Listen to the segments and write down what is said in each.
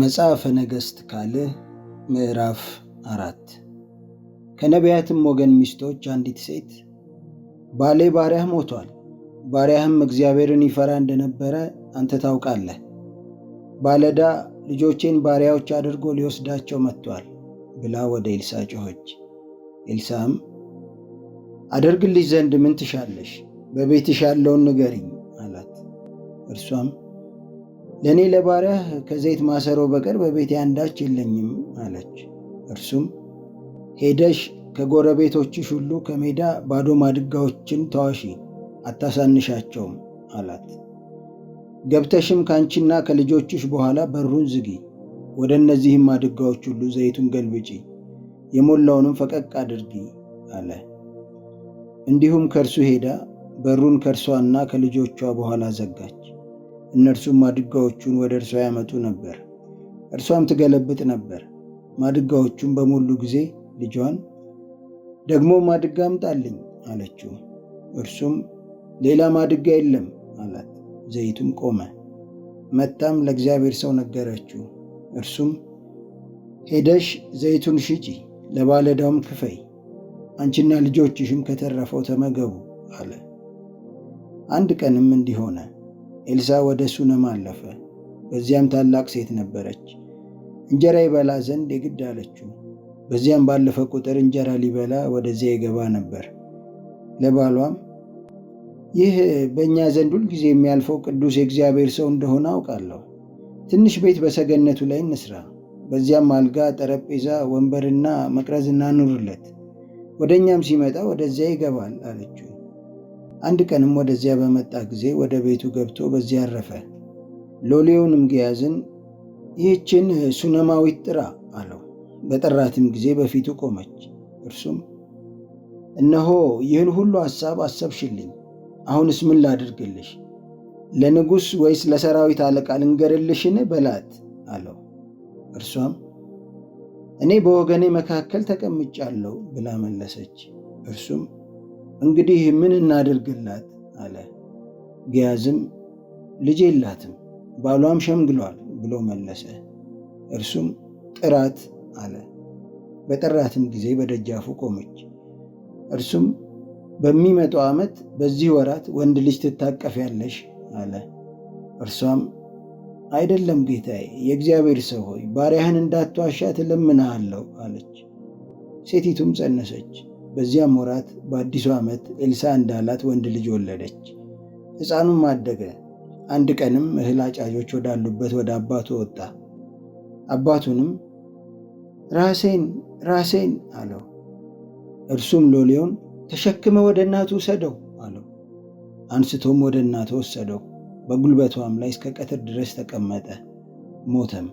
መጽሐፈ ነገሥት ካልዕ ምዕራፍ አራት ከነቢያትም ወገን ሚስቶች አንዲት ሴት ባሌ ባሪያህ ሞቷል፣ ባሪያህም እግዚአብሔርን ይፈራ እንደነበረ አንተ ታውቃለህ። ባለዳ ልጆቼን ባሪያዎች አድርጎ ሊወስዳቸው መጥቷል ብላ ወደ ኤልሳ ጮኸች። ኤልሳም አደርግልሽ ዘንድ ምን ትሻለሽ? በቤትሽ ያለውን ንገሪኝ አላት። እርሷም ለእኔ ለባሪያህ ከዘይት ማሰሮ በቀር በቤት አንዳች የለኝም አለች። እርሱም ሄደሽ ከጎረቤቶችሽ ሁሉ ከሜዳ ባዶ ማድጋዎችን ተዋሺ፣ አታሳንሻቸውም አላት። ገብተሽም ከአንቺና ከልጆችሽ በኋላ በሩን ዝጊ፣ ወደ እነዚህም ማድጋዎች ሁሉ ዘይቱን ገልብጪ፣ የሞላውንም ፈቀቅ አድርጊ አለ። እንዲሁም ከእርሱ ሄዳ በሩን ከእርሷና ከልጆቿ በኋላ ዘጋች። እነርሱም ማድጋዎቹን ወደ እርሷ ያመጡ ነበር። እርሷም ትገለብጥ ነበር። ማድጋዎቹም በሞሉ ጊዜ ልጇን ደግሞ ማድጋ አምጣልኝ አለችው። እርሱም ሌላ ማድጋ የለም አላት። ዘይቱም ቆመ። መታም ለእግዚአብሔር ሰው ነገረችው። እርሱም ሄደሽ ዘይቱን ሽጪ፣ ለባለዳውም ክፈይ፣ አንቺና ልጆችሽም ከተረፈው ተመገቡ አለ። አንድ ቀንም እንዲህ ሆነ። ኤልሳ ወደ ሱነም አለፈ። በዚያም ታላቅ ሴት ነበረች፣ እንጀራ ይበላ ዘንድ የግድ አለችው። በዚያም ባለፈ ቁጥር እንጀራ ሊበላ ወደዚያ ይገባ ነበር። ለባሏም ይህ በእኛ ዘንድ ሁልጊዜ የሚያልፈው ቅዱስ የእግዚአብሔር ሰው እንደሆነ አውቃለሁ። ትንሽ ቤት በሰገነቱ ላይ እንስራ፣ በዚያም አልጋ፣ ጠረጴዛ፣ ወንበርና መቅረዝ እናኑርለት። ወደ እኛም ሲመጣ ወደዚያ ይገባል አለችው። አንድ ቀንም ወደዚያ በመጣ ጊዜ ወደ ቤቱ ገብቶ በዚያ አረፈ። ሎሌውንም ግያዝን ይህችን ሱነማዊት ጥራ አለው። በጠራትም ጊዜ በፊቱ ቆመች። እርሱም እነሆ ይህን ሁሉ ሐሳብ አሰብሽልኝ፣ አሁንስ ምን ላድርግልሽ? ለንጉሥ ወይስ ለሰራዊት አለቃ ልንገርልሽን በላት አለው። እርሷም እኔ በወገኔ መካከል ተቀምጫለሁ ብላ መለሰች። እርሱም እንግዲህ ምን እናደርግላት አለ። ግያዝም ልጅ የላትም ባሏም ሸምግሏል ብሎ መለሰ። እርሱም ጥራት አለ። በጠራትም ጊዜ በደጃፉ ቆመች። እርሱም በሚመጣው ዓመት በዚህ ወራት ወንድ ልጅ ትታቀፊያለሽ አለ። እርሷም አይደለም ጌታዬ፣ የእግዚአብሔር ሰው ሆይ ባሪያህን እንዳትዋሻ ትለምንሃለሁ አለች። ሴቲቱም ጸነሰች። በዚያም ወራት በአዲሱ ዓመት ኤልሳ እንዳላት ወንድ ልጅ ወለደች። ሕፃኑም አደገ። አንድ ቀንም እህል አጫጆች ወዳሉበት ወደ አባቱ ወጣ። አባቱንም ራሴን ራሴን አለው። እርሱም ሎሌውን ተሸክመ ወደ እናቱ ውሰደው አለው። አንስቶም ወደ እናቱ ወሰደው። በጉልበቷም ላይ እስከ ቀትር ድረስ ተቀመጠ፣ ሞተም።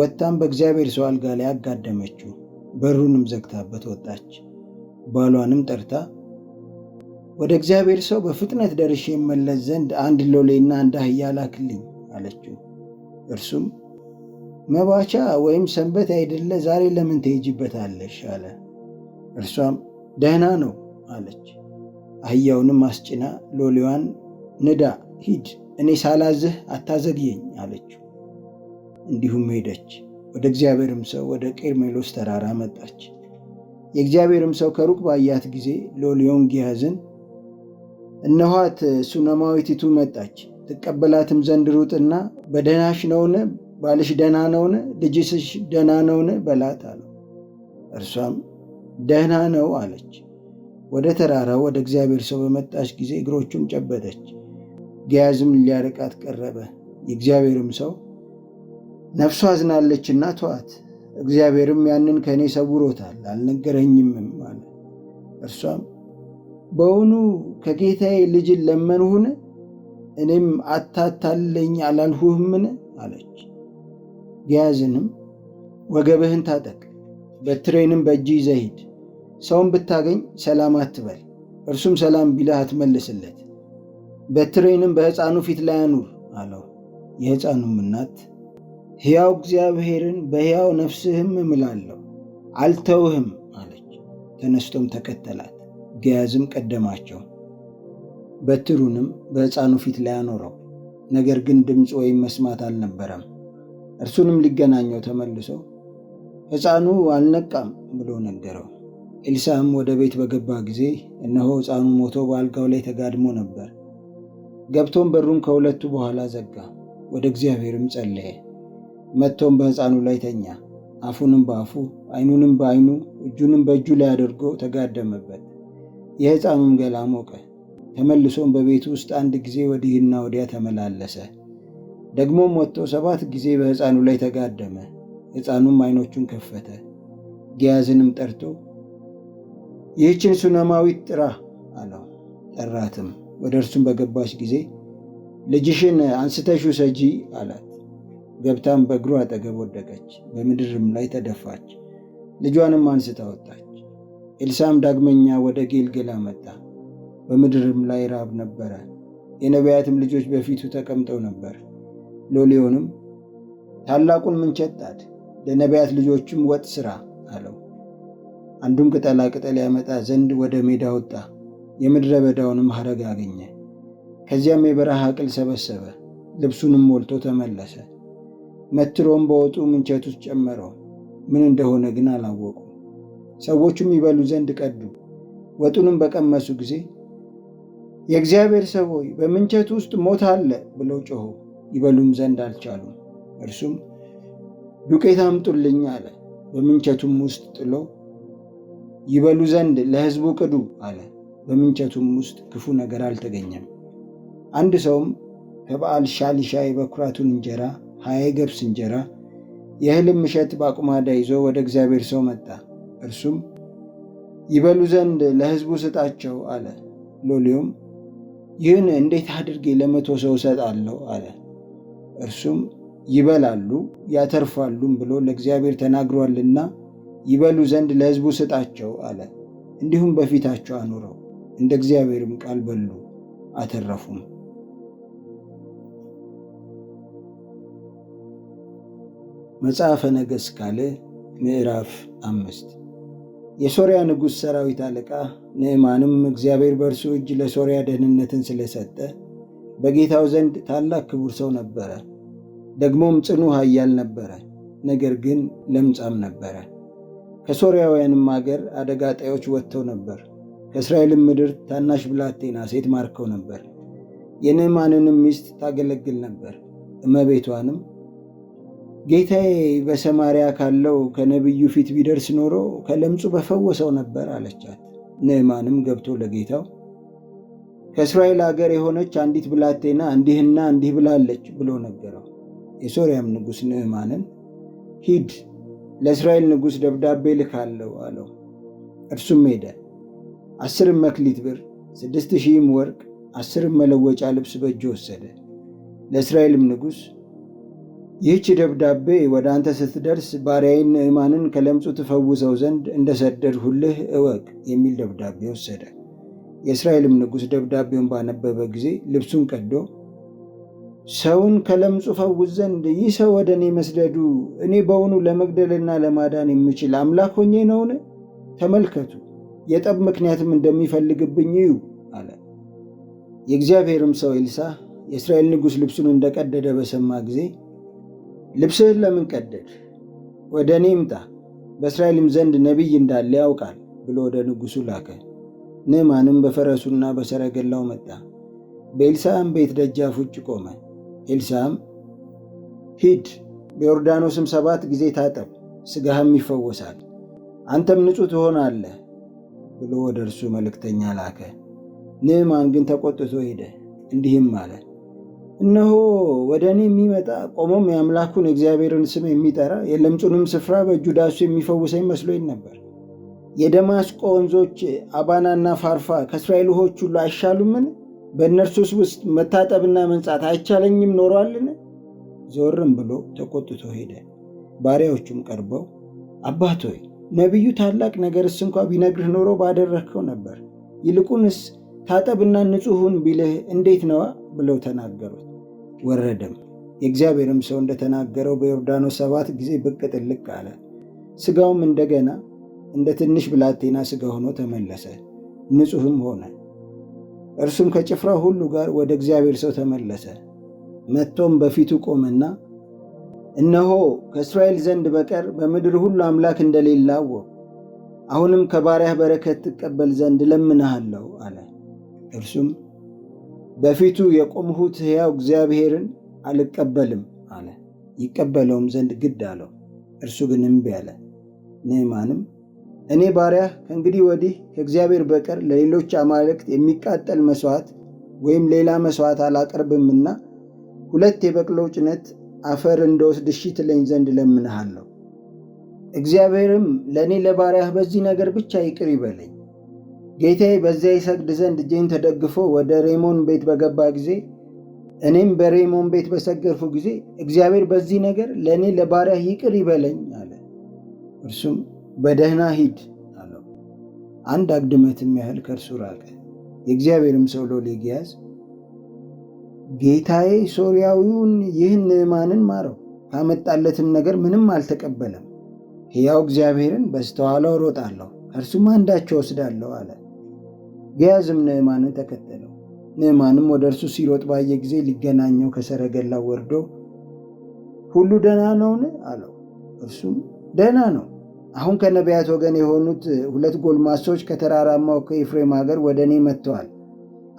ወጥታም በእግዚአብሔር ሰው አልጋ ላይ አጋደመችው፣ በሩንም ዘግታበት ወጣች። ባሏንም ጠርታ ወደ እግዚአብሔር ሰው በፍጥነት ደርሼ የመለስ ዘንድ አንድ ሎሌና አንድ አህያ ላክልኝ አለችው። እርሱም መባቻ ወይም ሰንበት አይደለ ዛሬ ለምን ትሄጂበታለሽ? አለ። እርሷም ደህና ነው አለች። አህያውንም አስጭና ሎሌዋን ንዳ ሂድ፣ እኔ ሳላዝህ አታዘግየኝ አለችው። እንዲሁም ሄደች። ወደ እግዚአብሔርም ሰው ወደ ቄርሜሎስ ተራራ መጣች። የእግዚአብሔርም ሰው ከሩቅ ባያት ጊዜ ሎሊዮን ጊያዝን እነኋት ሱነማዊቲቱ መጣች፣ ትቀበላትም ዘንድ ሩጥና በደህናሽ ነውን? ባልሽ ደህና ነውን? ልጅስሽ ደህና ነውን? በላት አለው። እርሷም ደህና ነው አለች። ወደ ተራራው ወደ እግዚአብሔር ሰው በመጣች ጊዜ እግሮቹን ጨበጠች። ጊያዝም ሊያርቃት ቀረበ። የእግዚአብሔርም ሰው ነፍሷ አዝናለችና ተዋት እግዚአብሔርም ያንን ከእኔ ሰውሮታል አልነገረኝምም አለ። እርሷም በውኑ ከጌታዬ ልጅን ለመንሁን? እኔም አታታለኝ አላልሁህምን? አለች። ጊያዝንም ወገብህን ታጠቅ፣ በትሬንም በእጅ ይዘህ ሰውን ብታገኝ ሰላም አትበል፣ እርሱም ሰላም ቢልህ አትመልስለት። በትሬንም በሕፃኑ ፊት ላይ አኑር አለው። የሕፃኑም እናት ሕያው እግዚአብሔርን በሕያው ነፍስህም እምላለሁ አልተውህም አለች። ተነስቶም ተከተላት፣ ገያዝም ቀደማቸው፣ በትሩንም በሕፃኑ ፊት ላይ አኖረው። ነገር ግን ድምፅ ወይም መስማት አልነበረም። እርሱንም ሊገናኘው ተመልሶ ሕፃኑ አልነቃም ብሎ ነገረው። ኤልሳዕም ወደ ቤት በገባ ጊዜ እነሆ ሕፃኑ ሞቶ በአልጋው ላይ ተጋድሞ ነበር። ገብቶም በሩን ከሁለቱ በኋላ ዘጋ፣ ወደ እግዚአብሔርም ጸለየ። መጥቶም በሕፃኑ ላይ ተኛ። አፉንም በአፉ ዓይኑንም በዓይኑ እጁንም በእጁ ላይ አድርጎ ተጋደመበት። የሕፃኑም ገላ ሞቀ። ተመልሶም በቤቱ ውስጥ አንድ ጊዜ ወዲህና ወዲያ ተመላለሰ። ደግሞም ወጥቶ ሰባት ጊዜ በሕፃኑ ላይ ተጋደመ። ሕፃኑም ዓይኖቹን ከፈተ። ጊያዝንም ጠርቶ ይህችን ሱነማዊት ጥራ አለው። ጠራትም። ወደ እርሱም በገባች ጊዜ ልጅሽን አንስተሽ ውሰጂ አላት። ገብታም በእግሩ አጠገብ ወደቀች፣ በምድርም ላይ ተደፋች። ልጇንም አንስታ ወጣች። ኤልሳም ዳግመኛ ወደ ጌልጌላ መጣ። በምድርም ላይ ራብ ነበረ። የነቢያትም ልጆች በፊቱ ተቀምጠው ነበር። ሎሌውንም ታላቁን ምንቸት ጣድ፣ ለነቢያት ልጆችም ወጥ ስራ አለው። አንዱም ቅጠላ ቅጠል ያመጣ ዘንድ ወደ ሜዳ ወጣ። የምድረ በዳውንም ሐረግ አገኘ። ከዚያም የበረሃ ቅል ሰበሰበ፣ ልብሱንም ሞልቶ ተመለሰ። መትሮም በወጡ ምንቸት ውስጥ ጨመረው። ምን እንደሆነ ግን አላወቁ። ሰዎቹም ይበሉ ዘንድ ቀዱ። ወጡንም በቀመሱ ጊዜ የእግዚአብሔር ሰው ሆይ በምንቸት ውስጥ ሞት አለ ብለው ጮሆ ይበሉም ዘንድ አልቻሉም። እርሱም ዱቄት አምጡልኝ አለ። በምንቸቱም ውስጥ ጥሎ ይበሉ ዘንድ ለሕዝቡ ቅዱ አለ። በምንቸቱም ውስጥ ክፉ ነገር አልተገኘም። አንድ ሰውም ከበዓል ሻሊሻ የበኩራቱን እንጀራ ሀያ ገብስ እንጀራ የእህልም እሸት በአቁማዳ ይዞ ወደ እግዚአብሔር ሰው መጣ። እርሱም ይበሉ ዘንድ ለሕዝቡ ስጣቸው አለ። ሎሌውም ይህን እንዴት አድርጌ ለመቶ ሰው እሰጣለሁ አለ። እርሱም ይበላሉ ያተርፋሉም ብሎ ለእግዚአብሔር ተናግሯልና ይበሉ ዘንድ ለሕዝቡ ስጣቸው አለ። እንዲሁም በፊታቸው አኑረው እንደ እግዚአብሔርም ቃል በሉ አተረፉም። መጽሐፈ ነገሥት ካልዕ ምዕራፍ አምስት የሶርያ ንጉሥ ሰራዊት አለቃ ንዕማንም እግዚአብሔር በእርሱ እጅ ለሶርያ ደህንነትን ስለሰጠ በጌታው ዘንድ ታላቅ ክቡር ሰው ነበረ። ደግሞም ጽኑ ኃያል ነበረ፣ ነገር ግን ለምጻም ነበረ። ከሶርያውያንም አገር አደጋ ጣዮች ወጥተው ነበር። ከእስራኤልም ምድር ታናሽ ብላቴና ሴት ማርከው ነበር። የንዕማንንም ሚስት ታገለግል ነበር። እመቤቷንም ጌታዬ በሰማሪያ ካለው ከነቢዩ ፊት ቢደርስ ኖሮ ከለምጹ በፈወሰው ነበር አለቻት። ንዕማንም ገብቶ ለጌታው ከእስራኤል አገር የሆነች አንዲት ብላቴና እንዲህና እንዲህ ብላለች ብሎ ነገረው። የሶርያም ንጉሥ ንዕማንን ሂድ ለእስራኤል ንጉሥ ደብዳቤ ልካለው አለው። እርሱም ሄደ። አስርም መክሊት ብር፣ ስድስት ሺህም ወርቅ፣ አስርም መለወጫ ልብስ በእጅ ወሰደ። ለእስራኤልም ንጉሥ ይህች ደብዳቤ ወደ አንተ ስትደርስ ባሪያዬን ንዕማንን ከለምጹ ትፈውሰው ዘንድ እንደሰደድሁልህ እወቅ የሚል ደብዳቤ ወሰደ። የእስራኤልም ንጉሥ ደብዳቤውን ባነበበ ጊዜ ልብሱን ቀዶ ሰውን ከለምጹ ፈውስ ዘንድ ይህ ሰው ወደ እኔ መስደዱ እኔ በውኑ ለመግደልና ለማዳን የምችል አምላክ ሆኜ ነውን? ተመልከቱ፣ የጠብ ምክንያትም እንደሚፈልግብኝ እዩ አለ። የእግዚአብሔርም ሰው ኤልሳዕ የእስራኤል ንጉሥ ልብሱን እንደቀደደ በሰማ ጊዜ ልብስህን ለምን ቀደድ? ወደ እኔ ምጣ፣ በእስራኤልም ዘንድ ነቢይ እንዳለ ያውቃል ብሎ ወደ ንጉሱ ላከ። ንዕማንም በፈረሱና በሰረገላው መጣ፣ በኤልሳም ቤት ደጃፍ ውጭ ቆመ። ኤልሳም ሂድ፣ በዮርዳኖስም ሰባት ጊዜ ታጠብ፣ ሥጋህም ይፈወሳል፣ አንተም ንጹሕ ትሆናለህ ብሎ ወደ እርሱ መልእክተኛ ላከ። ንዕማን ግን ተቆጥቶ ሄደ፣ እንዲህም አለ፦ እነሆ ወደ እኔ የሚመጣ ቆሞም የአምላኩን እግዚአብሔርን ስም የሚጠራ የለምጹንም ስፍራ በእጁ ዳሱ የሚፈውሰኝ መስሎኝ ነበር። የደማስቆ ወንዞች አባናና ፋርፋ ከእስራኤል ውሆች ሁሉ አይሻሉምን? በእነርሱስ ውስጥ መታጠብና መንጻት አይቻለኝም ኖሯልን? ዞርም ብሎ ተቆጥቶ ሄደ። ባሪያዎቹም ቀርበው አባት ሆይ ነቢዩ ታላቅ ነገርስ እንኳ ቢነግርህ ኖሮ ባደረግከው ነበር፣ ይልቁንስ ታጠብና ንጹሑን ቢልህ እንዴት ነዋ ብለው ተናገሩት። ወረደም። የእግዚአብሔርም ሰው እንደተናገረው በዮርዳኖስ ሰባት ጊዜ ብቅ ጥልቅ አለ። ስጋውም እንደገና እንደ ትንሽ ብላቴና ስጋ ሆኖ ተመለሰ፣ ንጹህም ሆነ። እርሱም ከጭፍራው ሁሉ ጋር ወደ እግዚአብሔር ሰው ተመለሰ። መጥቶም በፊቱ ቆመና እነሆ ከእስራኤል ዘንድ በቀር በምድር ሁሉ አምላክ እንደሌለ አወቅሁ። አሁንም ከባሪያህ በረከት ትቀበል ዘንድ እለምንሃለሁ አለ። እርሱም በፊቱ የቆምሁት ሕያው እግዚአብሔርን አልቀበልም አለ። ይቀበለውም ዘንድ ግድ አለው። እርሱ ግን እምቢ አለ። ንዕማንም እኔ ባሪያህ ከእንግዲህ ወዲህ ከእግዚአብሔር በቀር ለሌሎች አማልክት የሚቃጠል መስዋዕት ወይም ሌላ መስዋዕት አላቀርብምና ሁለት የበቅሎ ጭነት አፈር እንደወስድ እሺ ትለኝ ዘንድ እለምንሃለሁ። እግዚአብሔርም ለእኔ ለባሪያህ በዚህ ነገር ብቻ ይቅር ይበለኝ ጌታዬ በዚያ ይሰግድ ዘንድ እጄን ተደግፎ ወደ ሬሞን ቤት በገባ ጊዜ እኔም በሬሞን ቤት በሰገርኩ ጊዜ እግዚአብሔር በዚህ ነገር ለእኔ ለባሪያ ይቅር ይበለኝ አለ። እርሱም በደህና ሂድ አለው። አንድ አግድመትም ያህል ከእርሱ ራቀ። የእግዚአብሔርም ሰው ሎሌ ግያዝ ጌታዬ ሶርያዊውን ይህን ንዕማንን ማረው፣ ካመጣለትም ነገር ምንም አልተቀበለም። ሕያው እግዚአብሔርን በስተኋላው ሮጣለሁ፣ ከእርሱም አንዳቸው ወስዳለሁ አለ። ገያዝም ንዕማንን ተከተለው። ንዕማንም ወደ እርሱ ሲሮጥ ባየ ጊዜ ሊገናኘው ከሰረገላው ወርዶ ሁሉ ደህና ነውን? አለው። እርሱም ደህና ነው። አሁን ከነቢያት ወገን የሆኑት ሁለት ጎልማሶች ከተራራማው ከኤፍሬም ሀገር ወደ እኔ መጥተዋል።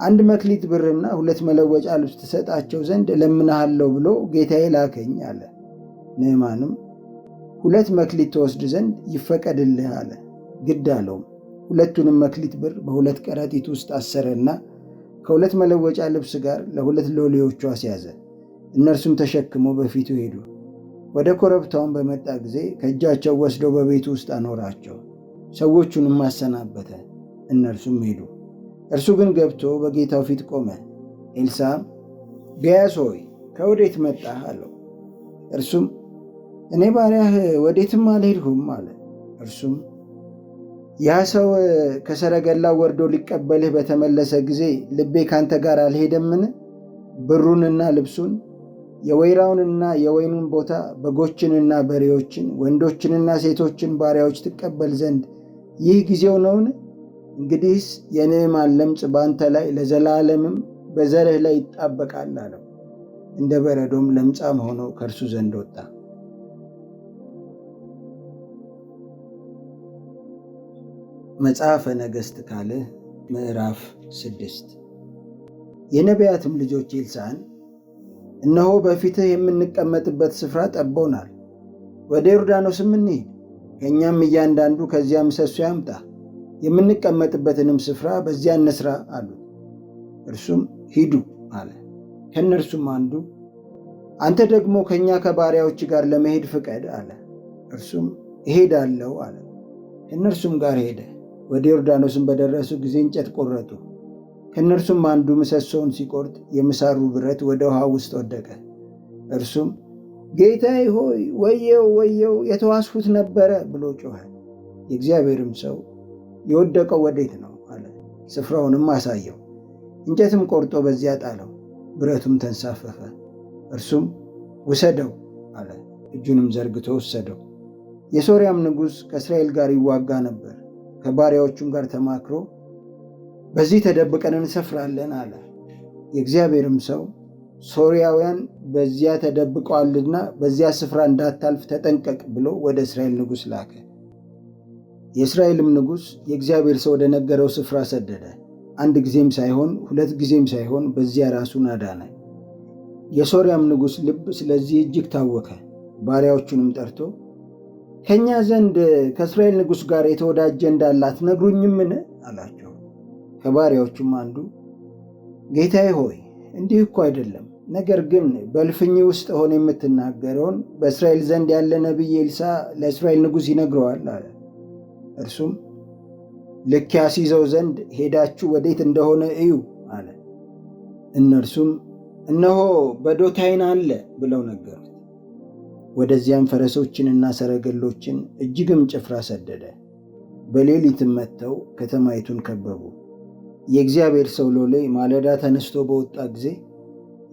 አንድ መክሊት ብርና ሁለት መለወጫ ልብስ ትሰጣቸው ዘንድ እለምንሃለሁ ብሎ ጌታዬ ላከኝ አለ። ንዕማንም ሁለት መክሊት ትወስድ ዘንድ ይፈቀድልህ አለ። ግድ አለውም። ሁለቱንም መክሊት ብር በሁለት ከረጢት ውስጥ አሰረና ከሁለት መለወጫ ልብስ ጋር ለሁለት ሎሌዎቹ አስያዘ። እነርሱም ተሸክሞ በፊቱ ሄዱ። ወደ ኮረብታውን በመጣ ጊዜ ከእጃቸው ወስዶ በቤቱ ውስጥ አኖራቸው። ሰዎቹንም አሰናበተ፣ እነርሱም ሄዱ። እርሱ ግን ገብቶ በጌታው ፊት ቆመ። ኤልሳም ገያስ ሆይ ከወዴት መጣህ አለው። እርሱም እኔ ባሪያህ ወዴትም አልሄድሁም አለ። እርሱም ያ ሰው ከሰረገላው ወርዶ ሊቀበልህ በተመለሰ ጊዜ ልቤ ካንተ ጋር አልሄደምን? ብሩንና ልብሱን፣ የወይራውንና የወይኑን ቦታ፣ በጎችንና በሬዎችን፣ ወንዶችንና ሴቶችን ባሪያዎች ትቀበል ዘንድ ይህ ጊዜው ነውን? እንግዲህስ የንዕማን ለምጽ በአንተ ላይ ለዘላለምም በዘርህ ላይ ይጣበቃል አለው። እንደ በረዶም ለምጻም ሆኖ ከእርሱ ዘንድ ወጣ። መጽሐፈ ነገሥት ካልዕ ምዕራፍ ስድስት የነቢያትም ልጆች ኤልሳዕን እነሆ በፊትህ የምንቀመጥበት ስፍራ ጠቦናል፣ ወደ ዮርዳኖስም እንሂድ፣ ከእኛም እያንዳንዱ ከዚያ ምሰሶ ያምጣ፣ የምንቀመጥበትንም ስፍራ በዚያ እንስራ አሉት። እርሱም ሂዱ አለ። ከእነርሱም አንዱ አንተ ደግሞ ከእኛ ከባሪያዎች ጋር ለመሄድ ፍቀድ አለ። እርሱም እሄዳለሁ አለ። ከእነርሱም ጋር ሄደ። ወደ ዮርዳኖስም በደረሱ ጊዜ እንጨት ቆረጡ። ከእነርሱም አንዱ ምሰሶውን ሲቆርጥ የምሳሩ ብረት ወደ ውሃ ውስጥ ወደቀ። እርሱም ጌታዬ ሆይ ወየው ወየው የተዋስሁት ነበረ ብሎ ጮኸ። የእግዚአብሔርም ሰው የወደቀው ወዴት ነው አለ። ስፍራውንም አሳየው። እንጨትም ቆርጦ በዚያ ጣለው። ብረቱም ተንሳፈፈ። እርሱም ውሰደው አለ። እጁንም ዘርግቶ ወሰደው። የሶርያም ንጉሥ ከእስራኤል ጋር ይዋጋ ነበር። ከባሪያዎቹም ጋር ተማክሮ በዚህ ተደብቀን እንሰፍራለን አለ። የእግዚአብሔርም ሰው ሶርያውያን በዚያ ተደብቀዋልና በዚያ ስፍራ እንዳታልፍ ተጠንቀቅ ብሎ ወደ እስራኤል ንጉሥ ላከ። የእስራኤልም ንጉሥ የእግዚአብሔር ሰው ወደ ነገረው ስፍራ ሰደደ። አንድ ጊዜም ሳይሆን ሁለት ጊዜም ሳይሆን በዚያ ራሱን አዳነ። የሶርያም ንጉሥ ልብ ስለዚህ እጅግ ታወከ። ባሪያዎቹንም ጠርቶ ከእኛ ዘንድ ከእስራኤል ንጉሥ ጋር የተወዳጀ እንዳላት ነግሩኝምን አላቸው። ከባሪያዎቹም አንዱ ጌታዬ ሆይ እንዲህ እኮ አይደለም፣ ነገር ግን በልፍኝ ውስጥ ሆነ የምትናገረውን በእስራኤል ዘንድ ያለ ነቢይ ኤልሳ ለእስራኤል ንጉሥ ይነግረዋል አለ። እርሱም ልክ ያስይዘው ዘንድ ሄዳችሁ ወዴት እንደሆነ እዩ አለ። እነርሱም እነሆ በዶታይን አለ ብለው ነገሩት። ወደዚያም ፈረሶችንና ሰረገሎችን እጅግም ጭፍራ ሰደደ። በሌሊትም መጥተው ከተማይቱን ከበቡ። የእግዚአብሔር ሰው ሎሌ ማለዳ ተነስቶ በወጣ ጊዜ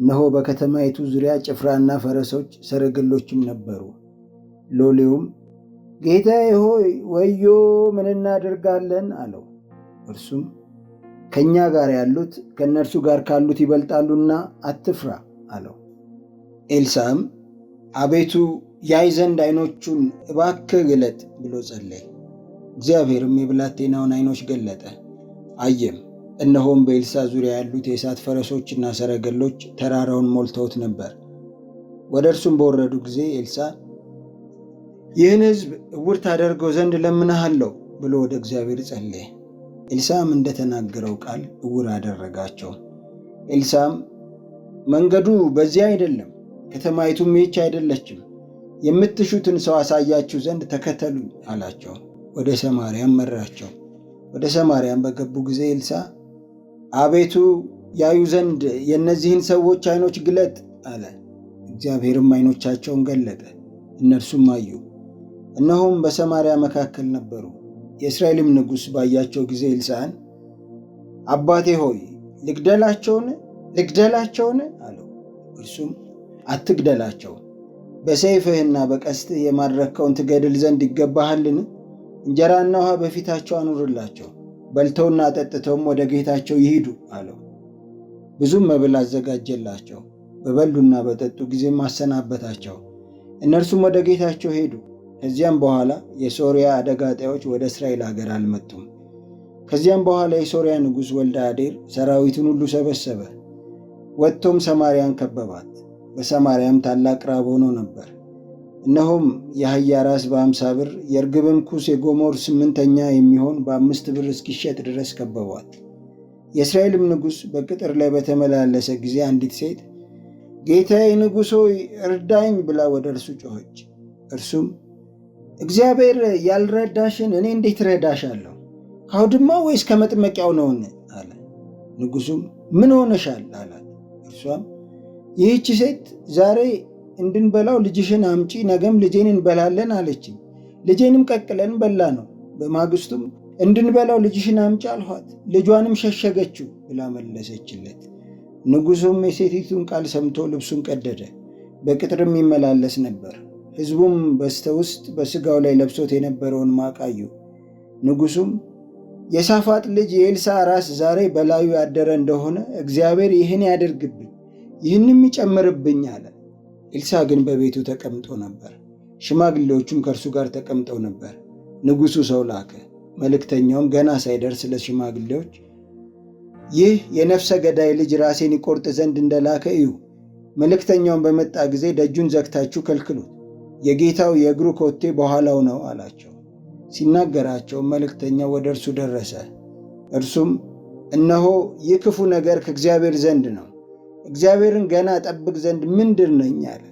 እነሆ በከተማይቱ ዙሪያ ጭፍራና ፈረሶች ሰረገሎችም ነበሩ። ሎሌውም ጌታዬ ሆይ ወዮ ምን እናደርጋለን? አለው። እርሱም ከእኛ ጋር ያሉት ከእነርሱ ጋር ካሉት ይበልጣሉና አትፍራ አለው። ኤልሳም አቤቱ ያይ ዘንድ ዓይኖቹን እባክህ ግለጥ ብሎ ጸለየ። እግዚአብሔርም የብላቴናውን ዓይኖች ገለጠ፣ አየም። እነሆም በኤልሳ ዙሪያ ያሉት የእሳት ፈረሶችና ሰረገሎች ተራራውን ሞልተውት ነበር። ወደ እርሱም በወረዱ ጊዜ ኤልሳ ይህን ሕዝብ እውር ታደርገው ዘንድ እለምንሃለሁ ብሎ ወደ እግዚአብሔር ጸለየ። ኤልሳም እንደተናገረው ቃል እውር አደረጋቸው። ኤልሳም መንገዱ በዚያ አይደለም ከተማይቱም ይህች አይደለችም፣ የምትሹትን ሰው አሳያችሁ ዘንድ ተከተሉ አላቸው። ወደ ሰማርያም መራቸው። ወደ ሰማርያም በገቡ ጊዜ ኤልሳ አቤቱ ያዩ ዘንድ የእነዚህን ሰዎች ዓይኖች ግለጥ አለ። እግዚአብሔርም ዓይኖቻቸውን ገለጠ፣ እነርሱም አዩ። እነሆም በሰማርያ መካከል ነበሩ። የእስራኤልም ንጉሥ ባያቸው ጊዜ ኤልሳዕን አባቴ ሆይ ልግደላቸውን ልግደላቸውን አለው። እርሱም አትግደላቸው። በሰይፍህና በቀስትህ የማድረግከውን ትገድል ዘንድ ይገባሃልን? እንጀራና ውሃ በፊታቸው አኑርላቸው፣ በልተውና ጠጥተውም ወደ ጌታቸው ይሂዱ አለው። ብዙም መብል አዘጋጀላቸው። በበሉና በጠጡ ጊዜም አሰናበታቸው። እነርሱም ወደ ጌታቸው ሄዱ። ከዚያም በኋላ የሶርያ አደጋ ጣዮች ወደ እስራኤል አገር አልመጡም። ከዚያም በኋላ የሶርያ ንጉሥ ወልደ አዴር ሰራዊቱን ሁሉ ሰበሰበ፣ ወጥቶም ሰማርያን ከበባት። በሰማርያም ታላቅ ራብ ሆኖ ነበር። እነሆም የአህያ ራስ በአምሳ ብር የእርግብም ኩስ የጎሞር ስምንተኛ የሚሆን በአምስት ብር እስኪሸጥ ድረስ ከበቧት። የእስራኤልም ንጉሥ በቅጥር ላይ በተመላለሰ ጊዜ አንዲት ሴት ጌታዬ ንጉሥ ሆይ እርዳኝ ብላ ወደ እርሱ ጮኸች። እርሱም እግዚአብሔር ያልረዳሽን እኔ እንዴት ረዳሻለሁ? ከአውድማ ወይስ ከመጥመቂያው ነውን? አለ። ንጉሡም ምን ሆነሻል? አላት። እርሷም ይህች ሴት ዛሬ እንድንበላው ልጅሽን አምጪ፣ ነገም ልጄን እንበላለን አለችኝ። ልጄንም ቀቅለን በላ ነው። በማግስቱም እንድንበላው ልጅሽን አምጪ አልኋት፣ ልጇንም ሸሸገችው ብላ መለሰችለት። ንጉሱም የሴቲቱን ቃል ሰምቶ ልብሱን ቀደደ፣ በቅጥርም ይመላለስ ነበር። ሕዝቡም በስተ ውስጥ በስጋው ላይ ለብሶት የነበረውን ማቃዩ። ንጉሱም የሳፋጥ ልጅ የኤልሳ ራስ ዛሬ በላዩ ያደረ እንደሆነ እግዚአብሔር ይህን ያደርግብኝ ይህንም ይጨምርብኝ አለ። ኤልሳዕ ግን በቤቱ ተቀምጦ ነበር፣ ሽማግሌዎቹም ከእርሱ ጋር ተቀምጠው ነበር። ንጉሡ ሰው ላከ። መልእክተኛውም ገና ሳይደርስ ለሽማግሌዎች ይህ የነፍሰ ገዳይ ልጅ ራሴን ይቆርጥ ዘንድ እንደላከ እዩ። መልእክተኛውን በመጣ ጊዜ ደጁን ዘግታችሁ ከልክሉት፣ የጌታው የእግሩ ኮቴ በኋላው ነው አላቸው። ሲናገራቸው መልእክተኛው ወደ እርሱ ደረሰ። እርሱም እነሆ ይህ ክፉ ነገር ከእግዚአብሔር ዘንድ ነው እግዚአብሔርን ገና ጠብቅ ዘንድ ምንድን ነኝ አለ።